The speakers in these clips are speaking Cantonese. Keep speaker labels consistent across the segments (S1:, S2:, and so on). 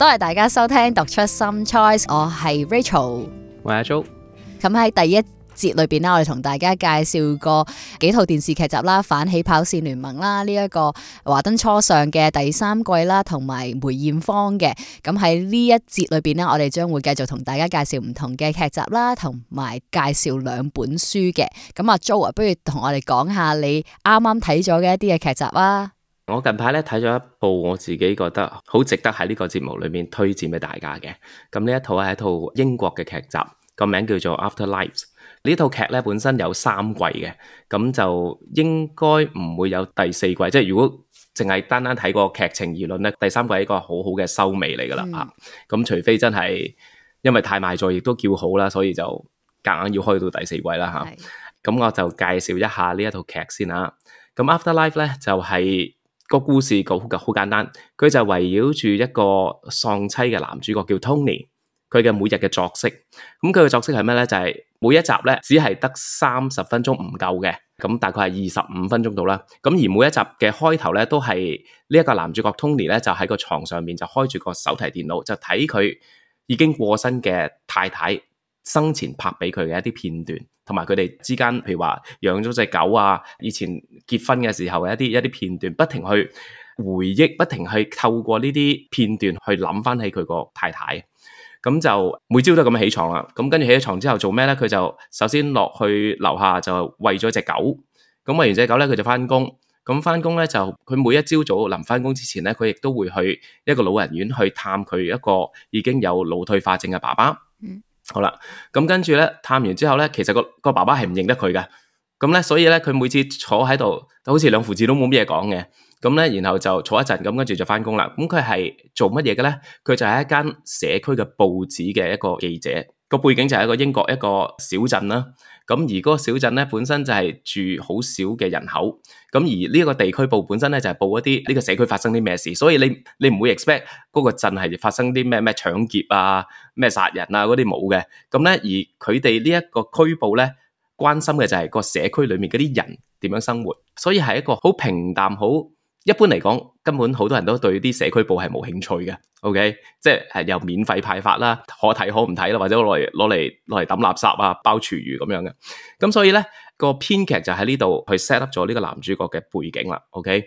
S1: 多謝大家收聽《讀出 some choice》，我係 Rachel，我係阿 Jo。咁喺第一節裏邊啦，我哋同大家介紹過
S2: 幾套電視劇集啦，《反起跑線聯盟》啦，呢、這、一個華燈初上嘅第三季啦，同埋梅艷芳嘅。咁喺呢一節裏邊啦，我哋將會繼續同大家介紹唔同嘅劇集啦，同埋介紹兩本書嘅。咁阿 Jo 啊，jo, 不如同我哋講下你啱啱睇咗嘅一啲嘅劇集啦。我近排咧睇咗一部我自己覺得好值得喺呢個節目裏面推薦俾大家嘅，咁呢一套係一套英國嘅劇集，個名叫做《After Life》。呢套劇咧本身有三季嘅，咁就應該唔會有第四季。即係如果淨係單單睇個劇情而論咧，第三季係一個好好嘅收尾嚟噶啦啊！咁除非真係因為太賣座，亦都叫好啦，所以就夾硬要開到第四季啦吓。咁、啊、是我就介紹一下呢一套劇先啊。咁《After Life》咧就係、是。個故事講嘅好簡單，佢就圍繞住一個喪妻嘅男主角叫 Tony，佢嘅每日嘅作息，咁佢嘅作息係咩呢？就係、是、每一集咧只係得三十分鐘唔夠嘅，咁大概係二十五分鐘到啦。咁而每一集嘅開頭呢，都係呢一個男主角 Tony 咧，就喺個床上面就開住個手提電腦，就睇佢已經過身嘅太太生前拍俾佢嘅一啲片段。同埋佢哋之間，譬如話養咗隻狗啊，以前結婚嘅時候嘅一啲一啲片段，不停去回憶，不停去透過呢啲片段去諗翻起佢個太太。咁就每朝都咁起床啦。咁跟住起咗床之後做咩咧？佢就首先落去樓下就餵咗隻狗。咁餵完隻狗咧，佢就翻工。咁翻工咧就，佢每一朝早臨翻工之前咧，佢亦都會去一個老人院去探佢一個已經有腦退化症嘅爸爸。好啦，咁跟住咧探完之後咧，其實個個爸爸係唔認得佢嘅，咁咧所以咧佢每次坐喺度，好似兩父子都冇乜嘢講嘅，咁、嗯、咧然後就坐一陣，咁跟住就翻工啦。咁佢係做乜嘢嘅咧？佢就係一間社區嘅報紙嘅一個記者。個背景就係一個英國一個小鎮啦，咁而嗰個小鎮呢，本身就係住好少嘅人口，咁而呢個地區報本身咧就是報一啲呢個社區發生啲咩事，所以你你唔會 expect 嗰個鎮係發生啲咩咩搶劫啊、咩殺人啊嗰啲冇嘅，咁咧而佢哋呢一個區報咧關心嘅就係個社區裏面嗰啲人點樣生活，所以係一個好平淡好，很一般嚟講，根本好多人都對啲社區報係冇興趣嘅，OK，即係又免費派發啦，可睇可唔睇啦，或者攞嚟攞嚟攞嚟抌垃圾啊，包廚餘咁樣嘅。咁所以咧，個編劇就喺呢度去 set up 咗呢個男主角嘅背景啦，OK。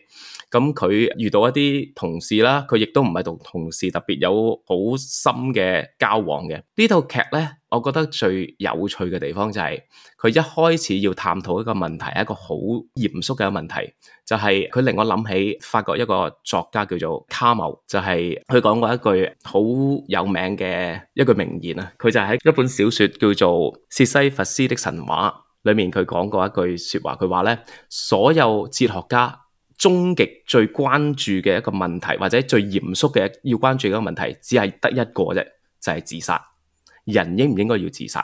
S2: 咁佢遇到一啲同事啦，佢亦都唔係同同事特別有好深嘅交往嘅。呢套劇咧。我覺得最有趣嘅地方就係佢一開始要探討一個問題，一個好嚴肅嘅問題，就係、是、佢令我諗起法國一個作家叫做卡繆，就係佢講過一句好有名嘅一句名言啊！佢就喺一本小說叫做《薛西弗斯的神話》裏面，佢講過一句說話，佢話呢，所有哲學家終極最關注嘅一個問題，或者最嚴肅嘅要關注嘅一個問題，只係得一個啫，就係、是、自殺。人應唔應該要自殺？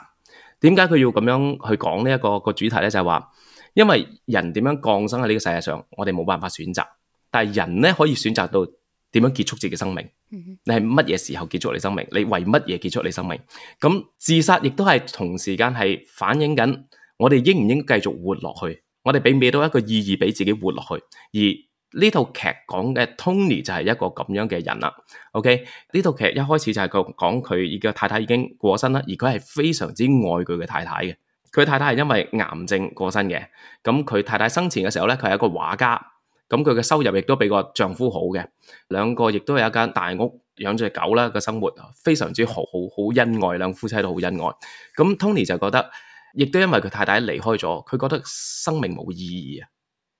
S2: 點解佢要咁樣去講呢一個主題呢？就係話，因為人點樣降生喺呢個世界上，我哋冇辦法選擇，但係人呢可以選擇到點樣結束自己生命。你係乜嘢時候結束你生命？你為乜嘢結束你生命？咁自殺亦都係同時間係反映緊我哋應唔應該繼續活落去？我哋俾唔俾到一個意義俾自己活落去？而呢套劇講嘅 Tony 就係一個咁樣嘅人啦。OK，呢套劇一開始就係講講佢而家太太已經過身啦，而佢係非常之愛佢嘅太太嘅。佢太太係因為癌症過身嘅。咁佢太太生前嘅時候呢，佢係一個畫家。咁佢嘅收入亦都比個丈夫好嘅。兩個亦都有一間大屋，養咗隻狗啦。個生活非常之好，好，好恩愛。兩夫妻都好恩愛。咁 Tony 就覺得，亦都因為佢太太離開咗，佢覺得生命冇意義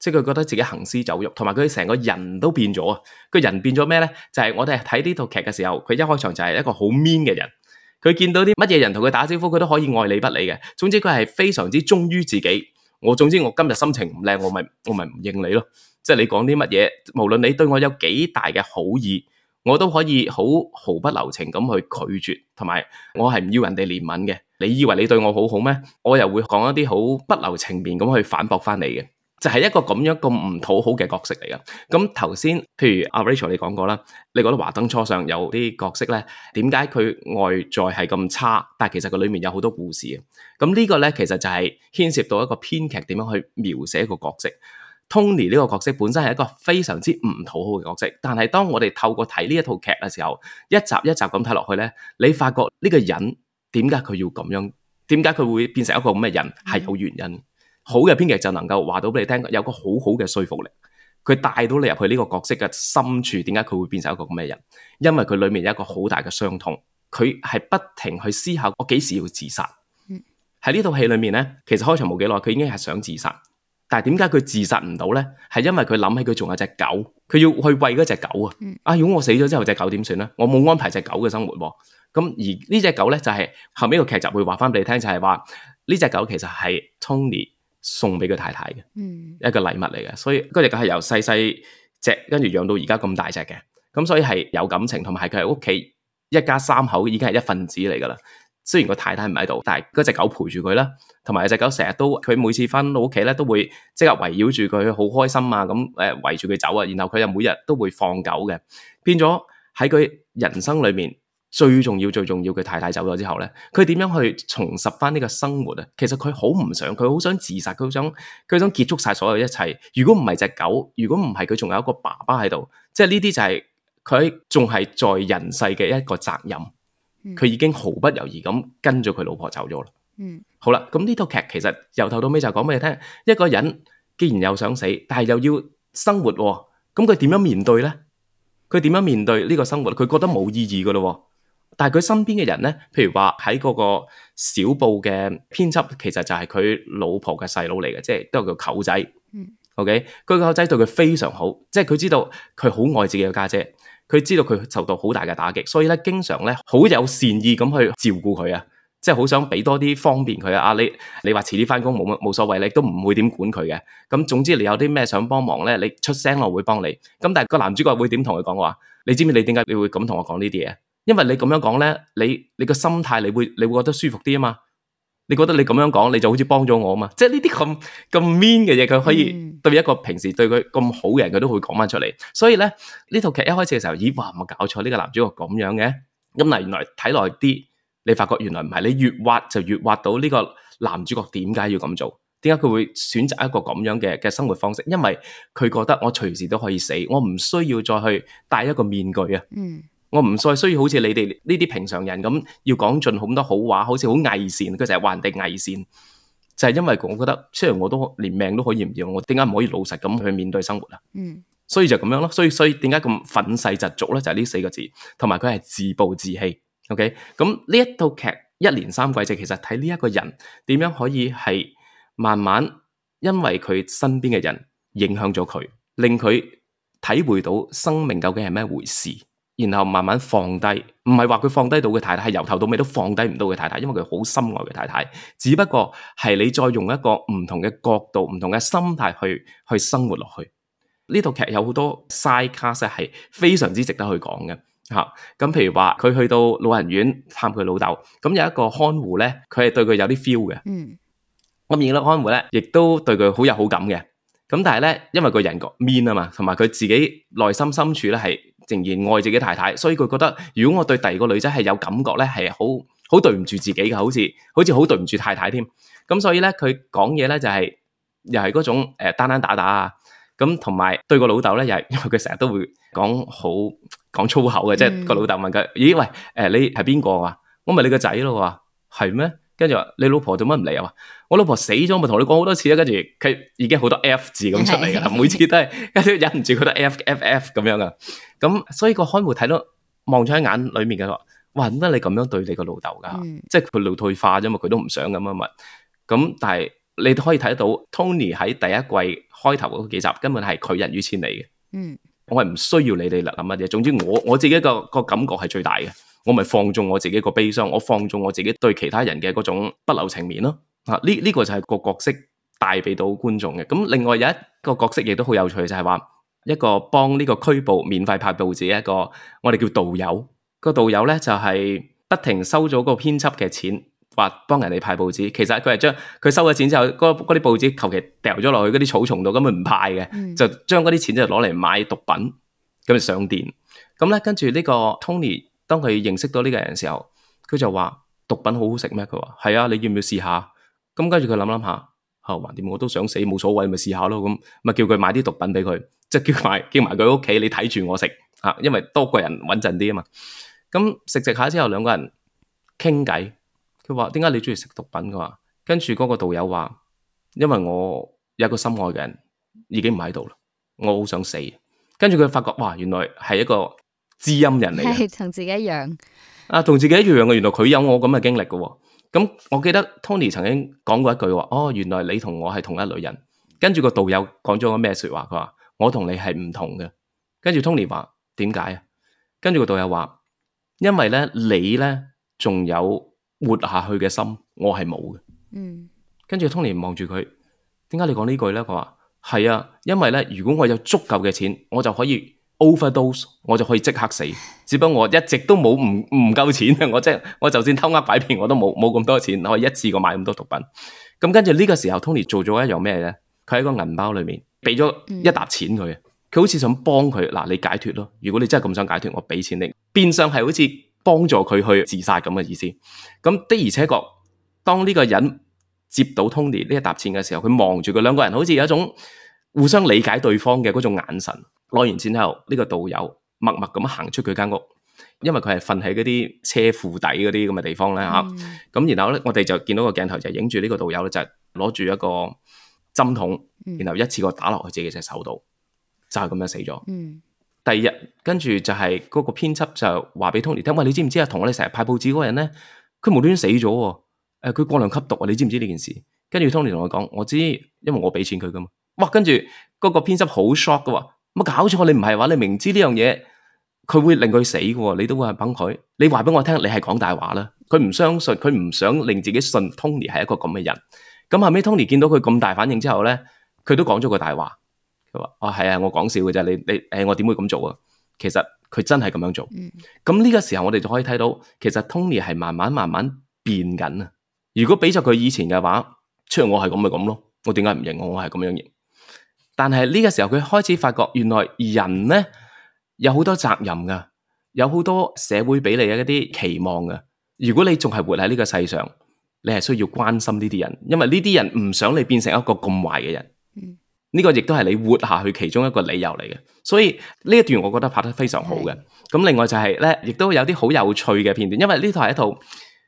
S2: 即係佢覺得自己行屍走肉，同埋佢成個人都變咗啊！佢人變咗咩咧？就係我哋睇呢套劇嘅時候，佢一開場就係一個好 mean 嘅人。佢見到啲乜嘢人同佢打招呼，佢都可以愛理不理嘅。總之佢係非常之忠於自己。我總之我今日心情唔靚，我咪我咪唔應你咯。即係你講啲乜嘢，無論你對我有幾大嘅好意，我都可以好毫不留情咁去拒絕。同埋我係唔要人哋憐憫嘅。你以為你對我好好咩？我又會講一啲好不留情面咁去反駁翻你嘅。就係一個咁樣咁唔討好嘅角色嚟㗎，咁頭先，譬如阿 Rachel 你講過啦，你覺得華燈初上有啲角色咧，點解佢外在係咁差，但係其實佢裏面有好多故事啊？咁呢個咧，其實就係牽涉到一個編劇點樣去描寫一個角色。Tony 呢個角色本身係一個非常之唔討好嘅角色，但係當我哋透過睇呢一套劇嘅時候，一集一集咁睇落去咧，你發覺呢個人點解佢要咁樣，點解佢會變成一個咁嘅人，係有原因。好嘅編劇就能夠話到俾你聽，有個好好嘅說服力，佢帶到你入去呢個角色嘅深處，點解佢會變成一個咁嘅人？因為佢裏面有一個好大嘅傷痛，佢係不停去思考，我幾時要自殺？喺呢套戲裏面咧，其實開場冇幾耐，佢已經係想自殺，但係點解佢自殺唔到咧？係因為佢諗起佢仲有隻狗，佢要去餵嗰隻狗、嗯、啊！嗯，如果我死咗之後，隻狗點算咧？我冇安排隻狗嘅生活，咁而隻呢隻狗咧就係、是、後面個劇集會話翻俾你聽，就係話呢隻狗其實係 Tony。送俾佢太太嘅，嗯、一個禮物嚟嘅，所以嗰隻狗係由細細隻，跟住養到而家咁大隻嘅，咁所以係有感情，同埋係佢喺屋企一家三口已經係一份子嚟噶啦。雖然個太太唔喺度，但係嗰隻狗陪住佢啦，同埋隻狗成日都，佢每次返到屋企咧都會即刻圍繞住佢，好開心啊，咁，誒圍住佢走啊，然後佢又每日都會放狗嘅，變咗喺佢人生裏面。最重要最重要佢太太走咗之後咧，佢點樣去重拾翻呢個生活啊？其實佢好唔想，佢好想自殺，佢想佢想結束晒所有一切。如果唔係隻狗，如果唔係佢仲有一個爸爸喺度，即係呢啲就係佢仲係在人世嘅一個責任，佢已經毫不猶豫咁跟咗佢老婆走咗啦。嗯，好啦，咁呢套劇其實由頭到尾就講俾你聽，一個人既然又想死，但係又要生活喎，咁佢點樣面對咧？佢點樣面對呢個生活？佢覺得冇意義噶咯喎。但係佢身邊嘅人咧，譬如話喺嗰個小報嘅編輯，其實就係佢老婆嘅細佬嚟嘅，即係都係個舅仔。嗯，OK，佢個舅仔對佢非常好，即係佢知道佢好愛自己嘅家姐，佢知道佢受到好大嘅打擊，所以咧經常咧好有善意咁去照顧佢啊，即係好想俾多啲方便佢啊。啊，你你話遲啲返工冇乜冇所謂，你都唔會點管佢嘅。咁總之你有啲咩想幫忙咧，你出聲我會幫你。咁但係個男主角會點同佢講話？你知唔知你點解你會咁同我講呢啲嘢？因為你咁樣講咧，你你個心態你會你會覺得舒服啲啊嘛？你覺得你咁樣講，你就好似幫咗我啊嘛？即係呢啲咁咁 mean 嘅嘢，佢可以對一個平時對佢咁好嘅人，佢都會講翻出嚟。所以咧，呢套劇一開始嘅時候，咦？哇！咪搞錯呢個男主角咁樣嘅？咁嗱，原來睇耐啲，你發覺原來唔係。你越挖就越挖到呢個男主角點解要咁做？點解佢會選擇一個咁樣嘅嘅生活方式？因為佢覺得我隨時都可以死，我唔需要再去戴一個面具啊。嗯。我唔再需要好似你哋呢啲平常人咁要講盡好多好話，好似好偽善。佢就係話人哋偽善，就係因為我覺得雖然我都連命都可以唔要，我點解唔可以老實咁去面對生活啊？嗯，所以就咁樣咯。所以所以點解咁憤世嫉俗呢？就係呢四個字，同埋佢係自暴自棄。OK，咁呢一套劇一連三季，就其實睇呢一個人點樣可以係慢慢因為佢身邊嘅人影響咗佢，令佢體會到生命究竟係咩回事。然後慢慢放低，唔係話佢放低到佢太太，係由頭到尾都放低唔到佢太太，因為佢好深愛佢太太。只不過係你再用一個唔同嘅角度、唔同嘅心態去去生活落去。呢套劇有好多 side cast 係非常之值得去講嘅嚇。咁、嗯、譬如話佢去到老人院探佢老豆，咁有一個看護咧，佢係對佢有啲 feel 嘅。嗯，咁而家個看護咧，亦都對佢好有好感嘅。咁但係咧，因為個人個 mean 啊嘛，同埋佢自己內心深處咧係仍然愛自己太太，所以佢覺得如果我對第二個女仔係有感覺咧，係好好對唔住自己噶，好似好似好對唔住太太添。咁所以咧，佢講嘢咧就係、是、又係嗰種單單打打啊。咁同埋對個老豆呢，又係因為佢成日都會講好粗口嘅，即係個老豆問佢：咦喂，呃、你係邊個啊？我咪你個仔咯，係咩？跟住話：你老婆做乜唔嚟啊？我老婆死咗，咪同你講好多次啦。跟住佢已經好多 F 字咁出嚟啦， 每次都係，跟住忍唔住嗰啲 F F F 咁樣啊。咁所以個開幕睇到望咗喺眼裏面嘅話，哇！點解你咁樣對你個、嗯、老豆噶？即係佢腦退化啫嘛，佢都唔想咁啊嘛。咁但係你都可以睇得到 Tony 喺第一季開頭嗰幾集根本係拒人於千里嘅。嗯，我係唔需要你哋嚟諗乜嘢。總之我我自己個個感覺係最大嘅。我咪放縱我自己個悲傷，我放縱我自己對其他人嘅嗰種不留情面咯。吓，呢、這、呢個就係個角色帶畀到觀眾嘅。咁另外有一個角色亦都好有趣，就係、是、話一個幫呢個拘捕免費派報紙一個，我哋叫道友。個道友咧就係、是、不停收咗個編輯嘅錢，話幫人哋派報紙。其實佢係將佢收咗錢之後，嗰啲報紙求其掉咗落去嗰啲草叢度，根本唔派嘅，就將嗰啲錢就攞嚟買毒品，咁就上電。咁咧跟住呢個 Tony。當佢認識到呢個人嘅時候，佢就話毒品好好食咩？佢話係啊，你要唔要試下？咁跟住佢諗諗下，嚇，哦，橫掂我都想死，冇所謂，咪試下咯。咁咪叫佢買啲毒品俾佢，即係叫埋叫埋佢屋企，你睇住我食啊，因為多個人穩陣啲啊嘛。咁食食下之後，兩個人傾偈，佢話點解你中意食毒品？佢話跟住嗰個導遊話，因為我有一個心愛嘅人已經唔喺度啦，我好想死。跟住佢發覺哇，原來係一個。知音人嚟嘅，
S1: 同自己一樣。
S2: 啊，同自己一樣嘅，原來佢有我咁嘅經歷嘅，哦。咁我記得 Tony 曾經講過一句話，哦，原來你同我係同一類人。跟住個道友講咗個咩說話？佢話我同你係唔同嘅。跟住 Tony 話點解啊？跟住個道友話，因為咧你咧仲有活下去嘅心，我係冇嘅。嗯。跟住 Tony 望住佢，點解你講呢句咧？佢話係啊，因為咧如果我有足夠嘅錢，我就可以。overdose 我就可以即刻死，只不過我一直都冇唔唔夠錢，我即係我就算偷呃拐騙，我都冇冇咁多錢，我可以一次過買咁多毒品。咁跟住呢個時候，Tony 做咗一樣咩咧？佢喺個銀包裏面俾咗一沓錢佢，佢好似想幫佢嗱，你解脱咯。如果你真係咁想解脱，我俾錢給你，變相係好似幫助佢去自殺咁嘅意思。咁的而且確，當呢個人接到 Tony 呢一沓錢嘅時候，佢望住佢兩個人，好似有一種互相理解對方嘅嗰種眼神。攞完錢之後，呢、這個道友默默咁行出佢間屋，因為佢係瞓喺嗰啲車庫底嗰啲咁嘅地方咧吓。咁、嗯、然後咧，我哋就見到個鏡頭就影住呢個道友咧，就攞、是、住一個針筒，然後一次過打落去自己隻手度，嗯、就係咁樣死咗。嗯、第二日跟住就係嗰個編輯就話俾 Tony 聽，喂，你知唔知啊？同我哋成日派報紙嗰個人咧，佢無端端死咗，誒、呃，佢過量吸毒啊！你知唔知呢件事？跟住 Tony 同我講，我知，因為我俾錢佢噶嘛。哇，跟住嗰個編輯好 shock 噶。我搞錯，你唔係話你明知呢樣嘢，佢會令佢死嘅，你都會係崩佢。你話俾我聽，你係講大話啦。佢唔相信，佢唔想令自己信 Tony 係一個咁嘅人。咁後尾 Tony 見到佢咁大反應之後咧，佢都講咗個大話。佢話：哦，係啊，我講笑嘅啫。你你，誒，我點會咁做啊？其實佢真係咁樣做。咁呢、嗯、個時候，我哋就可以睇到，其實 Tony 係慢慢慢慢變緊啊。如果比咗佢以前嘅話，出係我係咁，咪咁咯。我點解唔認我係咁樣認？但係呢個時候佢開始發覺，原來人呢，有好多責任噶，有好多社會俾你嘅一啲期望噶。如果你仲係活喺呢個世上，你係需要關心呢啲人，因為呢啲人唔想你變成一個咁壞嘅人。呢個亦都係你活下去其中一個理由嚟嘅。所以呢一段我覺得拍得非常好嘅。咁另外就係呢，亦都有啲好有趣嘅片段，因為呢套係一套。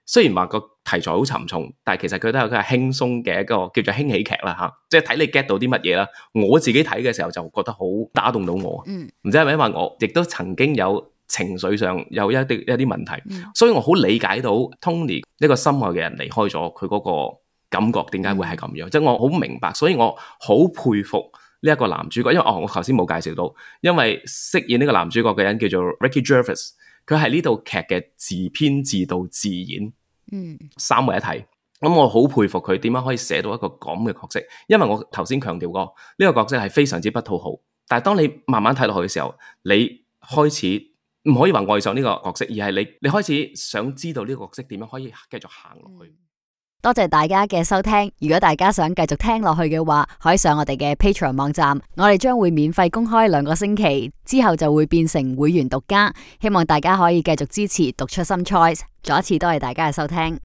S2: 雖然話個題材好沉重，但係其實佢都有佢係輕鬆嘅一個叫做輕喜劇啦吓，即係睇你 get 到啲乜嘢啦。我自己睇嘅時候就覺得好打動到我，唔、嗯、知係咪因為我亦都曾經有情緒上有一啲一啲問題，嗯、所以我好理解到 Tony 呢個心愛嘅人離開咗，佢嗰個感覺點解會係咁樣，即係、嗯、我好明白，所以我好佩服呢一個男主角，因為哦我頭先冇介紹到，因為飾演呢個男主角嘅人叫做 Ricky Gervais 佢係呢套劇嘅自編自導自演，嗯，三位一體。咁我好佩服佢點樣可以寫到一個咁嘅角色，因為我頭先強調過，呢個角色係非常之不討好。但係當你慢慢睇落去嘅時候，你開始唔可以話愛上呢個角色，而係你你開始想知道呢個角色點樣可以繼續行落去。嗯多謝大家嘅收聽，如果大家想繼續聽落去嘅話，可以上我哋嘅
S1: Patreon 網站，我哋將會免費公開兩個星期，之後就會變成會員獨家，希望大家可以繼續支持讀 Some Choice。再一次多謝大家嘅收聽。